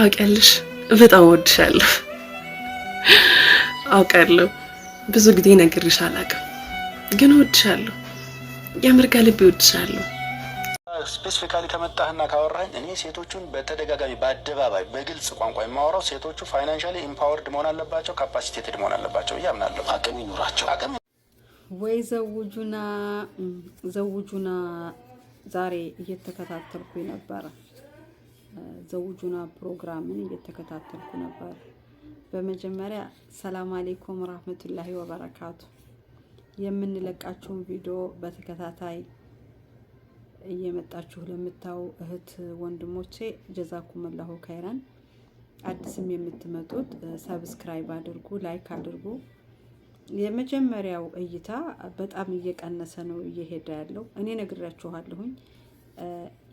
ታውቂያለሽ፣ በጣም ወድሻለሁ አውቃለሁ ብዙ ጊዜ ነግሬሽ አላውቅም፣ ግን እወድሻለሁ። የምርጋ ልብ እወድሻለሁ። ስፔሲፊካሊ ከመጣህና ካወራኝ እኔ ሴቶቹን በተደጋጋሚ በአደባባይ በግልጽ ቋንቋ የማወራው ሴቶቹ ፋይናንሻሊ ኢምፓወርድ መሆን አለባቸው፣ ካፓሲቴትድ መሆን አለባቸው ብዬ አቅም ይኑራቸው። አቅም ወይ ዘውጁና ዘውጁና ዛሬ እየተከታተልኩኝ ነበረ ዘውጁና ፕሮግራምን እየተከታተልኩ ነበር። በመጀመሪያ ሰላም አሌይኩም ራህመቱላሂ ወበረካቱ። የምንለቃችሁን ቪዲዮ በተከታታይ እየመጣችሁ ለምታው እህት ወንድሞቼ ጀዛኩምላሁ ከይረን። አዲስም የምትመጡት ሰብስክራይብ አድርጉ፣ ላይክ አድርጉ። የመጀመሪያው እይታ በጣም እየቀነሰ ነው እየሄደ ያለው እኔ ነግራችኋለሁኝ።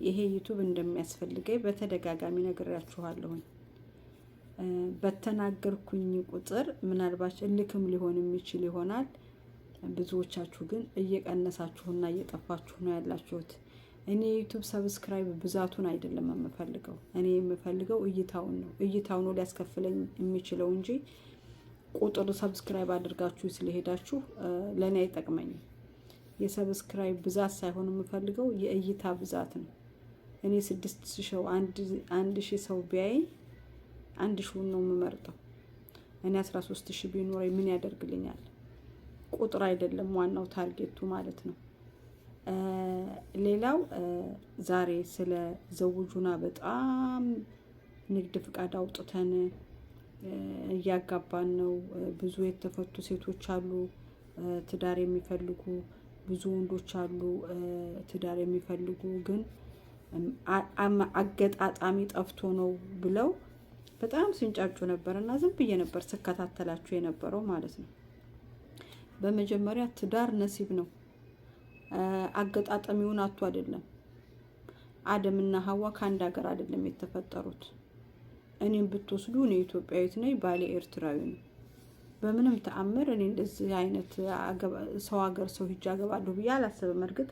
ይሄ ዩቱብ እንደሚያስፈልገኝ በተደጋጋሚ ነግሬያችኋለሁኝ። በተናገርኩኝ ቁጥር ምናልባት እልክም ሊሆን የሚችል ይሆናል። ብዙዎቻችሁ ግን እየቀነሳችሁና እየጠፋችሁ ነው ያላችሁት። እኔ የዩቱብ ሰብስክራይብ ብዛቱን አይደለም የምፈልገው። እኔ የምፈልገው እይታውን ነው። እይታው ነው ሊያስከፍለኝ የሚችለው እንጂ ቁጥሩ ሰብስክራይብ አድርጋችሁ ስለሄዳችሁ ለእኔ አይጠቅመኝም። የሰብስክራይብ ብዛት ሳይሆን የምፈልገው የእይታ ብዛት ነው። እኔ ስድስት ሰው አንድ ሺህ ሰው ቢያይ አንድ ሺውን ነው የምመርጠው። እኔ አስራ ሶስት ሺህ ቢኖረኝ ምን ያደርግልኛል? ቁጥር አይደለም ዋናው ታርጌቱ ማለት ነው። ሌላው ዛሬ ስለ ዘውጁና በጣም ንግድ ፍቃድ አውጥተን እያጋባን ነው። ብዙ የተፈቱ ሴቶች አሉ ትዳር የሚፈልጉ ብዙ ወንዶች አሉ ትዳር የሚፈልጉ ግን አገጣጣሚ ጠፍቶ ነው ብለው በጣም ሲንጫጩ ነበር እና ዝም ብዬ ነበር ስከታተላችሁ የነበረው ማለት ነው። በመጀመሪያ ትዳር ነሲብ ነው። አገጣጠሚውን አቶ አይደለም። አደምና ሀዋ ከአንድ ሀገር አይደለም የተፈጠሩት። እኔም ብትወስዱ እኔ ኢትዮጵያዊት ነኝ፣ ባሌ ኤርትራዊ ነው። በምንም ተአምር እኔ እንደዚህ አይነት ሰው ሀገር ሰው ሂጅ አገባለሁ ብዬ አላሰብም። እርግጥ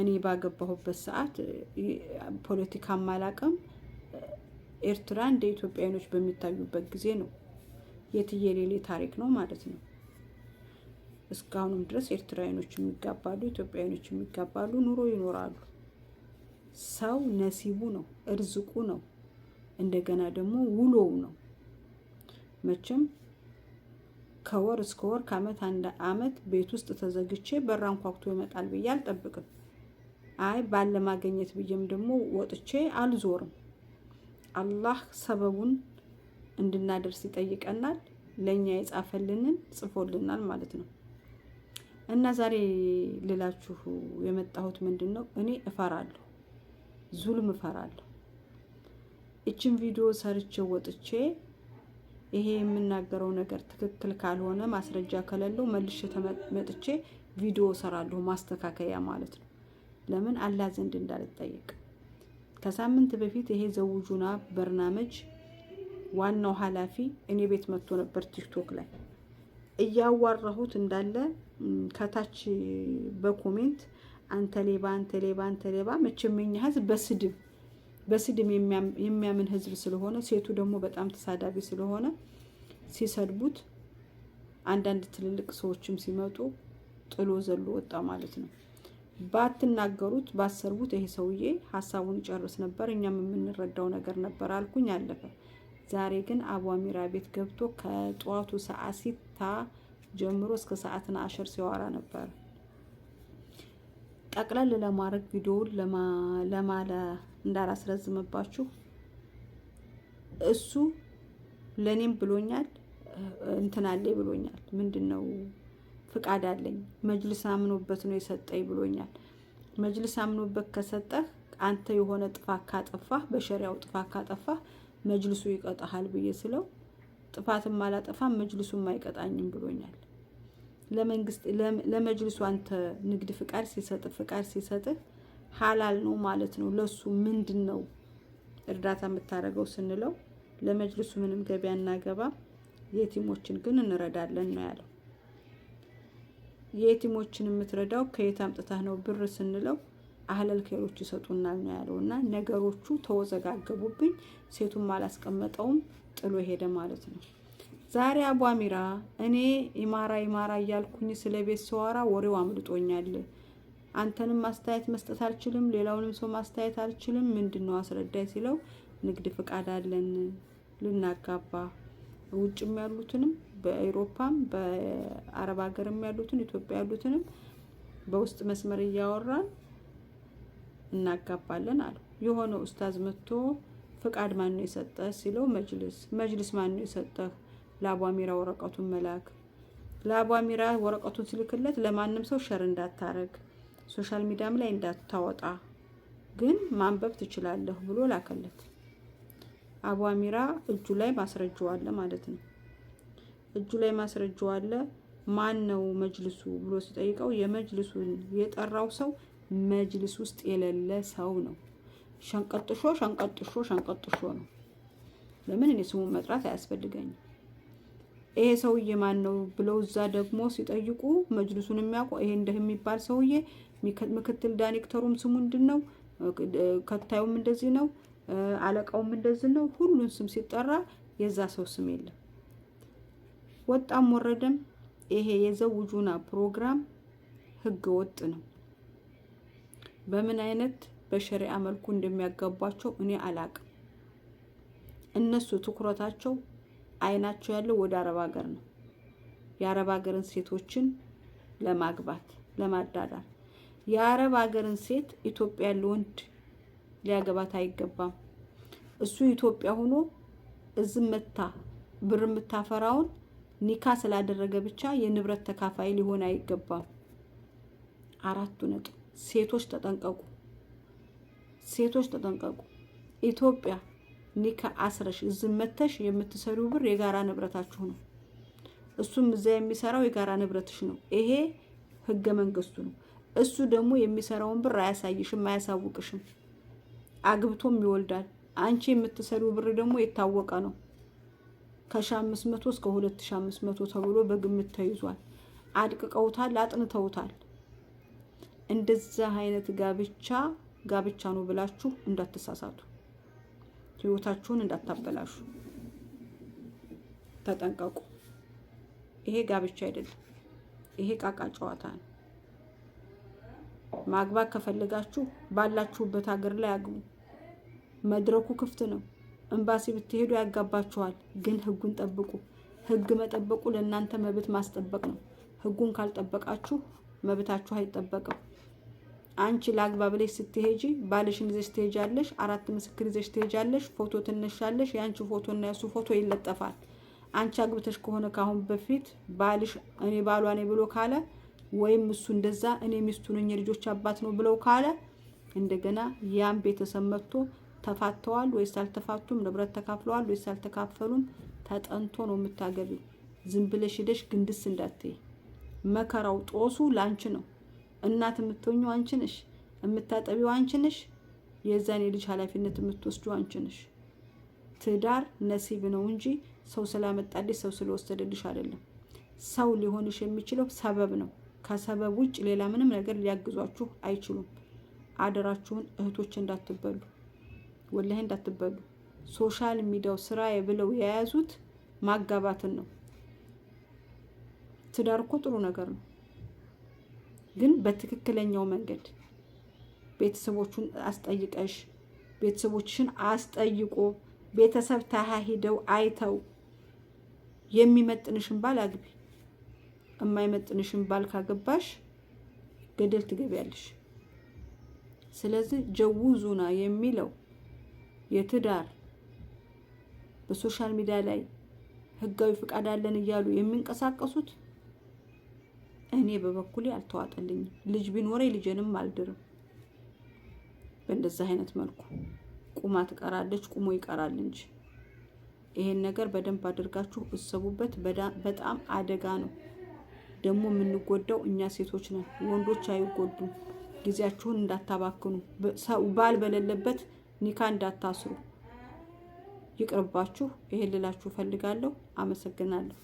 እኔ ባገባሁበት ሰዓት ፖለቲካም አላቅም። ኤርትራ እንደ ኢትዮጵያኖች በሚታዩበት ጊዜ ነው። የትየሌሌ ታሪክ ነው ማለት ነው። እስካሁንም ድረስ ኤርትራውያኖች የሚጋባሉ፣ ኢትዮጵያውያኖች የሚጋባሉ፣ ኑሮ ይኖራሉ። ሰው ነሲቡ ነው፣ እርዝቁ ነው፣ እንደገና ደግሞ ውሎው ነው መቼም ከወር እስከ ወር ከአመት አንድ አመት ቤት ውስጥ ተዘግቼ በራን አንኳኩቶ ይመጣል ብዬ አልጠብቅም። አይ ባለማገኘት ብዬም ደግሞ ወጥቼ አልዞርም። አላህ ሰበቡን እንድናደርስ ይጠይቀናል። ለእኛ የጻፈልንን ጽፎልናል ማለት ነው። እና ዛሬ ልላችሁ የመጣሁት ምንድን ነው፣ እኔ እፈራለሁ፣ ዙልም እፈራለሁ። እችን ቪዲዮ ሰርቼ ወጥቼ ይሄ የምናገረው ነገር ትክክል ካልሆነ ማስረጃ ከሌለው መልሼ ተመጥቼ ቪዲዮ ሰራለሁ፣ ማስተካከያ ማለት ነው። ለምን አላህ ዘንድ እንዳልጠየቅ። ከሳምንት በፊት ይሄ ዘውጁና በርናመጅ ዋናው ኃላፊ እኔ ቤት መጥቶ ነበር። ቲክቶክ ላይ እያዋራሁት እንዳለ ከታች በኮሜንት አንተ ሌባ፣ አንተ ሌባ፣ አንተ ሌባ መቼም የኛ ህዝብ በስድብ በስድም የሚያምን ህዝብ ስለሆነ ሴቱ ደግሞ በጣም ተሳዳቢ ስለሆነ ሲሰድቡት አንዳንድ ትልልቅ ሰዎችም ሲመጡ ጥሎ ዘሎ ወጣ ማለት ነው። ባትናገሩት ባሰርቡት ይሄ ሰውዬ ሀሳቡን ይጨርስ ነበር፣ እኛም የምንረዳው ነገር ነበር አልኩኝ፣ አለፈ። ዛሬ ግን አሚራ ቤት ገብቶ ከጠዋቱ ሰዓት ሲታ ጀምሮ እስከ ሰዓትን አሸር ሲያወራ ነበር። ጠቅለል ለማድረግ ቪዲዮውን ለማለ እንዳላስረዝምባችሁ እሱ ለእኔም ብሎኛል እንትን አለኝ ብሎኛል። ምንድን ነው ፍቃድ አለኝ መጅልስ አምኖበት ነው የሰጠኝ ብሎኛል። መጅልስ አምኖበት ከሰጠህ አንተ የሆነ ጥፋት ካጠፋህ በሸሪያው ጥፋት ካጠፋህ መጅልሱ ይቀጣሃል ብዬ ስለው ጥፋትም አላጠፋም መጅልሱም አይቀጣኝም ብሎኛል። ለመንግስት ለመጅልሱ አንተ ንግድ ፍቃድ ሲሰጥህ ፍቃድ ሲሰጥህ ሀላል ነው ማለት ነው። ለሱ ምንድን ነው እርዳታ የምታደርገው ስንለው ለመጅልሱ ምንም ገቢ አናገባም፣ የቲሞችን ግን እንረዳለን ነው ያለው። የቲሞችን የምትረዳው ከየት አምጥታህ ነው ብር ስንለው አህለል ኬሮች ይሰጡናል ነው ያለው። እና ነገሮቹ ተወዘጋገቡብኝ፣ ሴቱም አላስቀመጠውም ጥሎ ሄደ ማለት ነው። ዛሬ አቧሚራ እኔ ኢማራ ኢማራ እያልኩኝ ስለ ቤት ሰዋራ ወሬው አምልጦኛል። አንተንም ማስተያየት መስጠት አልችልም፣ ሌላውንም ሰው ማስተያየት አልችልም። ምንድን ነው አስረዳይ ሲለው ንግድ ፍቃድ አለን ልናጋባ ውጭም ያሉትንም በአውሮፓም በአረብ ሀገርም ያሉትን ኢትዮጵያ ያሉትንም በውስጥ መስመር እያወራን እናጋባለን አለ። የሆነ ኡስታዝ መጥቶ ፍቃድ ማን ነው የሰጠህ ሲለው መጅልስ። መጅልስ ማን ነው የሰጠህ? አሚራ ወረቀቱን መላክ። አሚራ ወረቀቱን ስልክለት ለማንም ሰው ሸር እንዳታረግ ሶሻል ሚዲያም ላይ እንዳታወጣ ግን ማንበብ ትችላለህ ብሎ ላከለት። አቡ አሚራ እጁ ላይ ማስረጃው አለ ማለት ነው። እጁ ላይ ማስረጃው አለ። ማን ነው መጅልሱ ብሎ ሲጠይቀው የመጅልሱን የጠራው ሰው መጅልስ ውስጥ የሌለ ሰው ነው። ሸንቀጥሾ ሸንቀጥሾ ሸንቀጥሾ ነው። ለምን እኔ ስሙን መጥራት አያስፈልገኝም። ይሄ ሰውዬ ማን ነው ብለው እዛ ደግሞ ሲጠይቁ መጅልሱን የሚያውቁ ይሄ እንደ የሚባል ሰውዬ ምክትል ዳይሬክተሩም ስሙ ምንድን ነው? ከታዩም እንደዚህ ነው፣ አለቃውም እንደዚህ ነው። ሁሉን ስም ሲጠራ የዛ ሰው ስም የለም። ወጣም ወረደም ይሄ የዘውጁና ፕሮግራም ህገ ወጥ ነው። በምን አይነት በሸሪያ መልኩ እንደሚያጋቧቸው እኔ አላቅም። እነሱ ትኩረታቸው አይናቸው ያለው ወደ አረብ ሀገር ነው። የአረብ ሀገርን ሴቶችን ለማግባት ለማዳዳር የአረብ ሀገርን ሴት ኢትዮጵያ ያለ ወንድ ሊያገባት አይገባም። እሱ ኢትዮጵያ ሆኖ እዝም መታ ብር የምታፈራውን ኒካ ስላደረገ ብቻ የንብረት ተካፋይ ሊሆን አይገባም። አራቱ ነጥብ። ሴቶች ተጠንቀቁ፣ ሴቶች ተጠንቀቁ። ኢትዮጵያ ኒካ አስረሽ እዚህ መተሽ የምትሰሪው ብር የጋራ ንብረታችሁ ነው። እሱም እዛ የሚሰራው የጋራ ንብረትሽ ነው። ይሄ ህገ መንግስቱ ነው። እሱ ደግሞ የሚሰራውን ብር አያሳይሽም፣ አያሳውቅሽም። አግብቶም ይወልዳል። አንቺ የምትሰሪው ብር ደግሞ የታወቀ ነው አምስት መቶ እስከ መቶ ተብሎ በግምት ተይዟል። አድቅቀውታል፣ አጥንተውታል። እንደዛ አይነት ጋብቻ ጋብቻ ነው ብላችሁ እንዳትሳሳቱ። ህይወታችሁን እንዳታበላሹ ተጠንቀቁ። ይሄ ጋብቻ አይደለም። ይሄ ቃቃ ጨዋታ ነው። ማግባት ከፈለጋችሁ ባላችሁበት ሀገር ላይ አግቡ። መድረኩ ክፍት ነው። ኤምባሲ ብትሄዱ ያጋባችኋል። ግን ህጉን ጠብቁ። ህግ መጠበቁ ለእናንተ መብት ማስጠበቅ ነው። ህጉን ካልጠበቃችሁ መብታችሁ አይጠበቅም። አንቺ ላግባ ላይ ስትሄጂ ባልሽን ይዘሽ ትሄጃለሽ። አራት ምስክር ይዘሽ ትሄጃለሽ። ፎቶ ትነሻለሽ። የአንቺ ፎቶ እና የሱ ፎቶ ይለጠፋል። አንቺ አግብተሽ ከሆነ ካሁን በፊት ባልሽ እኔ ባሏ ነኝ ብሎ ካለ ወይም እሱ እንደዛ እኔ ሚስቱ ነኝ የልጆች አባት ነው ብለው ካለ እንደገና ያም ቤተሰብ መጥቶ ተፋተዋል ወይስ አልተፋቱም፣ ንብረት ተካፍለዋል ወይስ አልተካፈሉም፣ ተጠንቶ ነው የምታገቢው። ዝም ብለሽ ሄደሽ ግንድስ እንዳትይ። መከራው ጦሱ ላንቺ ነው። እናት የምትሆኙ አንቺ ነሽ፣ የምታጠቢው አንቺ ነሽ፣ የዛን የልጅ ኃላፊነት የምትወስዱ አንቺ ነሽ። ትዳር ነሲብ ነው እንጂ ሰው ስላመጣልሽ ሰው ስለወሰደልሽ አይደለም። ሰው ሊሆንሽ የሚችለው ሰበብ ነው። ከሰበብ ውጭ ሌላ ምንም ነገር ሊያግዟችሁ አይችሉም። አደራችሁን እህቶች እንዳትበሉ፣ ወላሂ እንዳትበሉ። ሶሻል ሚዲያው ስራዬ ብለው የያዙት ማጋባትን ነው። ትዳር እኮ ጥሩ ነገር ነው። ግን በትክክለኛው መንገድ ቤተሰቦቹን አስጠይቀሽ ቤተሰቦችሽን አስጠይቆ ቤተሰብ ታሀ አይተው የሚመጥንሽን ባል አግቢ። የማይመጥንሽን ባል ካገባሽ ገደል ትገቢያለሽ። ስለዚህ ጀውዙና የሚለው የትዳር በሶሻል ሚዲያ ላይ ህጋዊ ፍቃድ አለን እያሉ የሚንቀሳቀሱት እኔ በበኩሌ አልተዋጠልኝም። ልጅ ቢኖረኝ ልጄንም አልድርም። በእንደዛ አይነት መልኩ ቁማ ትቀራለች፣ ቁሞ ይቀራል እንጂ ይሄን ነገር በደንብ አድርጋችሁ እሰቡበት። በጣም አደጋ ነው። ደግሞ የምንጎዳው እኛ ሴቶች ነን፣ ወንዶች አይጎዱም። ጊዜያችሁን እንዳታባክኑ፣ ባል በሌለበት ኒካ እንዳታስሩ። ይቅርባችሁ። ይሄን ልላችሁ እፈልጋለሁ። አመሰግናለሁ።